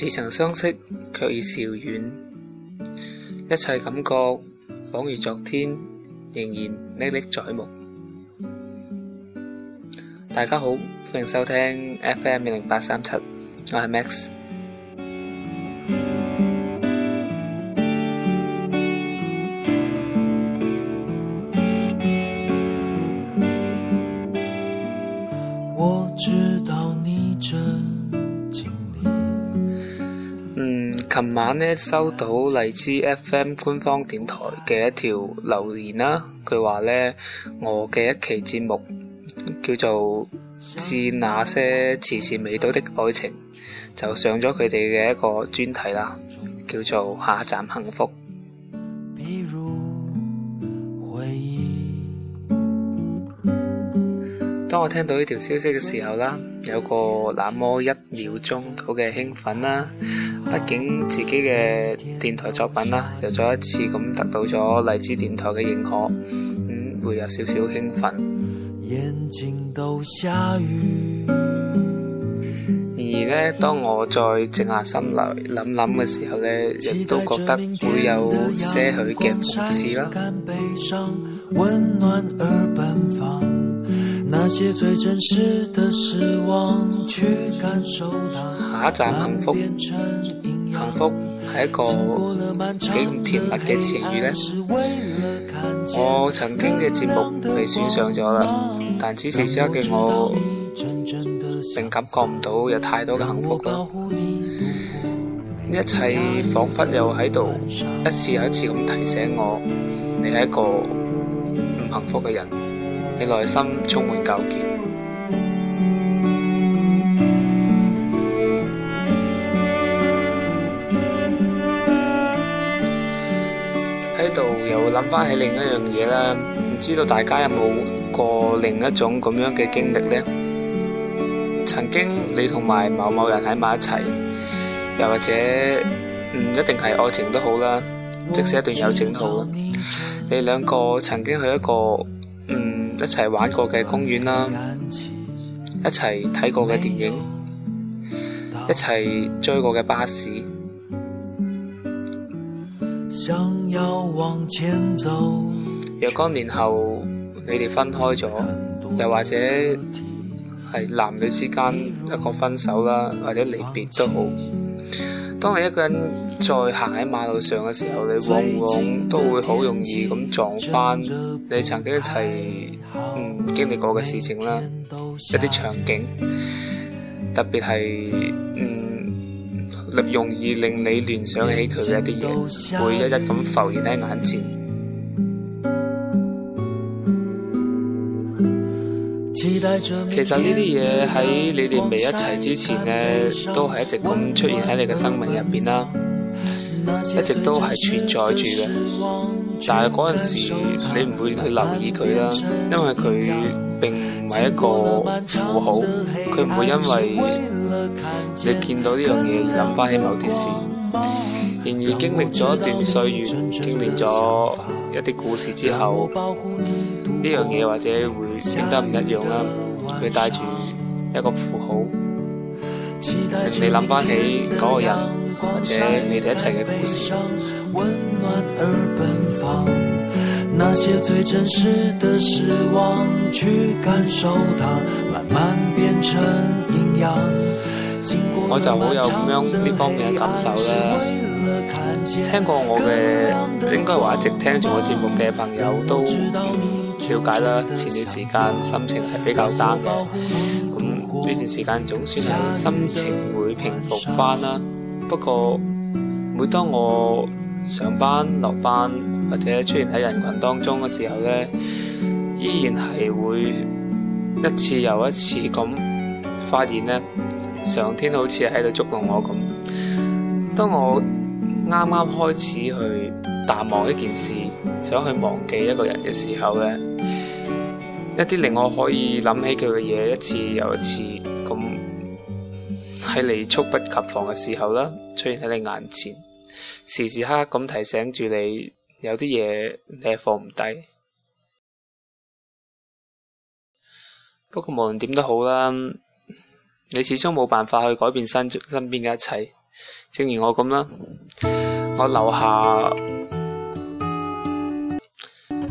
似曾相識，卻已遙遠。一切感覺仿如昨天，仍然歷歷在目。大家好，歡迎收聽 FM 一零八三七，我係 Max。琴晚咧收到荔枝 FM 官方電台嘅一條留言啦，佢話咧我嘅一期節目叫做《致那些遲遲未到的愛情》，就上咗佢哋嘅一個專題啦，叫做《下一站幸福》。當我聽到呢條消息嘅時候啦，有個那麼一秒鐘好嘅興奮啦。畢竟自己嘅電台作品啦，又再一次咁得到咗荔枝電台嘅認可，嗯，會有少少興奮。然而呢，當我再靜下心來諗諗嘅時候呢，亦都覺得會有些許嘅諷刺啦。嗯、下一站幸福，幸福係一個幾咁甜蜜嘅詞語咧。我曾經嘅節目被選上咗啦，嗯、但此時此刻嘅我並感覺唔到有太多嘅幸福啦。一切仿佛又喺度一次又一次咁提醒我，你係一個唔幸福嘅人。你內心充滿糾結，喺度又會諗翻起另一樣嘢啦。唔知道大家有冇過另一種咁樣嘅經歷呢？曾經你同埋某某人喺埋一齊，又或者唔一定係愛情都好啦，即使一段友情都好，你兩個曾經係一個嗯。一齊玩過嘅公園啦，一齊睇過嘅電影，一齊追過嘅巴士。若干年後，你哋分開咗，又或者係男女之間一個分手啦，或者離別都好。當你一個人再行喺馬路上嘅時候，你往往都會好容易咁撞翻你曾經一齊嗯經歷過嘅事情啦，一啲場景，特別係嗯容易令你聯想起佢嘅一啲嘢，會一一咁浮現喺眼前。其實呢啲嘢，喺你哋未一齊之前呢，都係一直咁出現喺你嘅生命入邊啦，一直都係存在住嘅。但係嗰陣時你唔會去留意佢啦，因為佢並唔係一個符號，佢唔會因為你見到呢樣嘢而諗翻起某啲事。然而經歷咗一段歲月，經歷咗。一啲故事之後，呢樣嘢或者會變得唔一樣啦。佢帶住一個符號，令你諗翻起嗰個人，或者你哋一齊嘅故事。我就冇有咁樣呢方面嘅感受啦。慢慢聽過我嘅，應該話一直聽住我節目嘅朋友都了解啦。前段時間心情係比較單嘅，咁呢段時間總算係心情會平復翻啦。不過每當我上班、落班或者出現喺人群當中嘅時候呢，依然係會一次又一次咁發現呢，上天好似喺度捉弄我咁。當我啱啱開始去淡忘一件事，想去忘記一個人嘅時候呢，一啲令我可以諗起佢嘅嘢，一次又一次咁喺你猝不及防嘅時候啦，出現喺你眼前，時時刻刻咁提醒住你，有啲嘢你係放唔低。不過無論點都好啦，你始終冇辦法去改變身身邊嘅一切，正如我咁啦。我樓下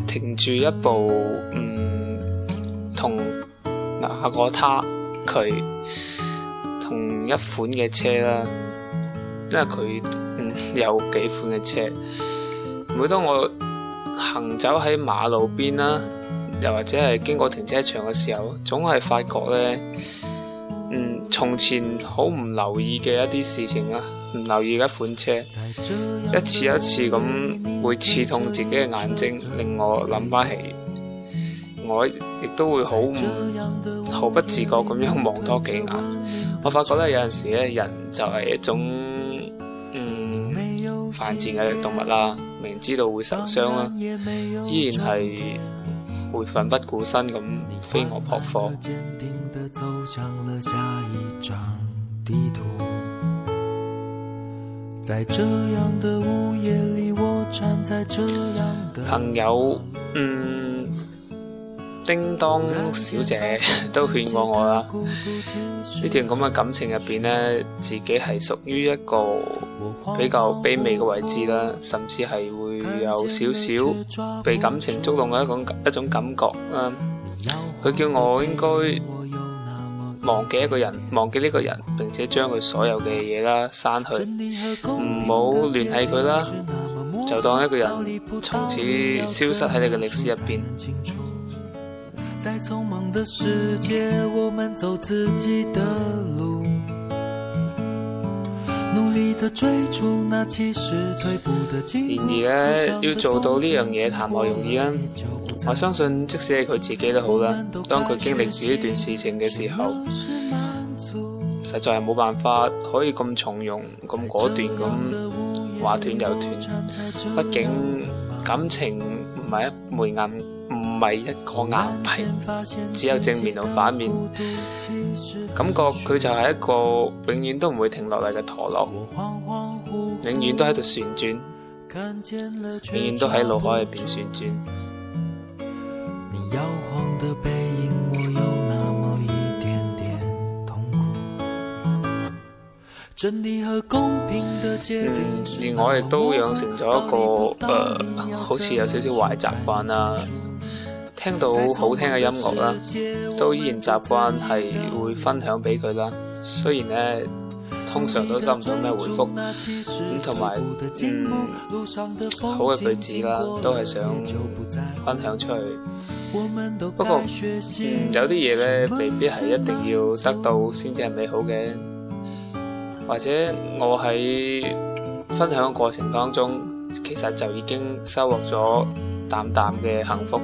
停住一部嗯同那個他佢同一款嘅車啦，因為佢嗯有幾款嘅車。每當我行走喺馬路邊啦，又或者係經過停車場嘅時候，總係發覺呢。嗯，從前好唔留意嘅一啲事情啊，唔留意嘅一款車，一次一次咁會刺痛自己嘅眼睛，令我諗翻起，我亦都會好唔毫不自覺咁樣望多幾眼。我發覺咧，有陣時咧，人就係一種嗯犯賤嘅動物啦、啊，明知道會受傷啦、啊，依然係。會奮不顧身咁飛蛾撲火。朋友，嗯。叮當小姐都勸過我啦，呢段咁嘅感情入邊呢，自己係屬於一個比較卑微嘅位置啦，甚至係會有少少被感情捉弄嘅一種一種感覺啦。佢、嗯、叫我應該忘記一個人，忘記呢個人，並且將佢所有嘅嘢啦刪去，唔好聯繫佢啦，就當一個人從此消失喺你嘅歷史入邊。然而咧，來要做到呢樣嘢，談何容易啊！我相信，即使係佢自己都好啦，當佢經歷住呢段事情嘅時候，實在係冇辦法可以咁從容、咁果斷咁話斷又斷，畢竟感情唔係一枚硬。唔係一個硬幣，只有正面同反面，感覺佢就係一個永遠都唔會停落嚟嘅陀螺，永遠都喺度旋轉，永遠都喺腦海入邊旋轉。 嗯，而我亦都養成咗一個，誒、呃，好似有少少壞習慣啊。聽到好聽嘅音樂啦，都依然習慣係會分享俾佢啦。雖然咧，通常都收唔到咩回覆咁，同埋嗯，好嘅句子啦，都係想分享出去。不過，嗯，有啲嘢咧，未必係一定要得到先至係美好嘅，或者我喺分享過程當中，其實就已經收穫咗淡淡嘅幸福。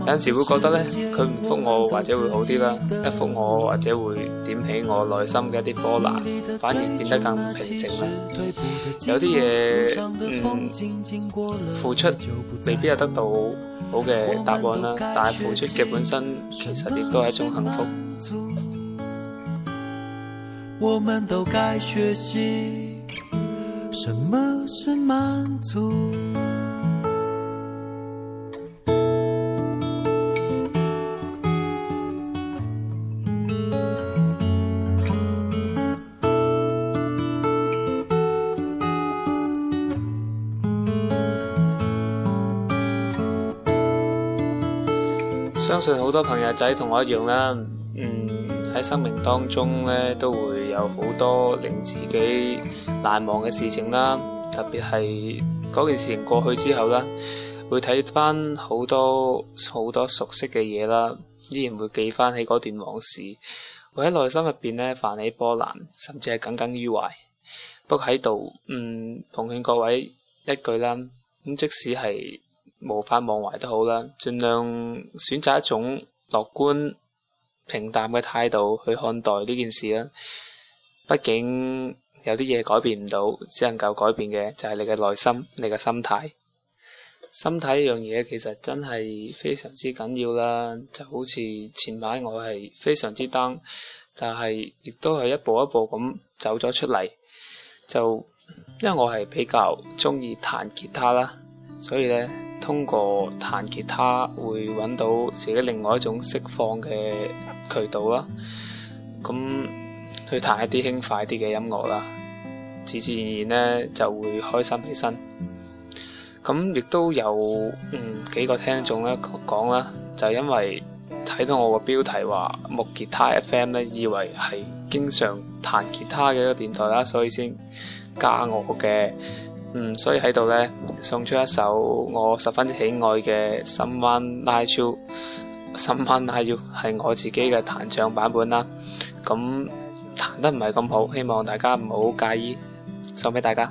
有陣時會覺得咧，佢唔復我或者會好啲啦，一復我或者會點起我內心嘅一啲波瀾，反而變得更平靜啦。有啲嘢，嗯，付出未必係得到好嘅答案啦，但係付出嘅本身其實亦都係一種幸福。 相信好多朋友仔同我一樣啦，嗯，喺生命當中咧都會有好多令自己難忘嘅事情啦，特別係嗰件事情過去之後啦，會睇翻好多好多熟悉嘅嘢啦，依然會記翻起嗰段往事，會喺內心入邊咧泛起波瀾，甚至係耿耿於懷。不過喺度，嗯，奉勸各位一句啦，咁即使係。無法忘懷都好啦，盡量選擇一種樂觀平淡嘅態度去看待呢件事啦。畢竟有啲嘢改變唔到，只能夠改變嘅就係、是、你嘅內心，你嘅心態。心態一樣嘢其實真係非常之緊要啦。就好似前排我係非常之單，但係亦都係一步一步咁走咗出嚟。就因為我係比較中意彈吉他啦。所以咧，通過彈吉他會搵到自己另外一種釋放嘅渠道啦。咁去彈一啲輕快啲嘅音樂啦，自自然然咧就會開心起身。咁亦都有嗯幾個聽眾咧講啦，就因為睇到我個標題話木吉他 FM 咧，以為係經常彈吉他嘅一個電台啦，所以先加我嘅。嗯，所以喺度咧，送出一首我十分之喜愛嘅 Someone Like You，Someone Like You 係我自己嘅彈唱版本啦。咁彈得唔係咁好，希望大家唔好介意，送俾大家。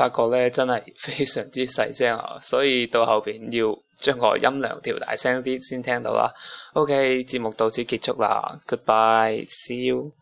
發覺咧真係非常之細聲啊，所以到後邊要將個音量調大聲啲先聽到啦。OK，節目到此結束啦，Goodbye，See you。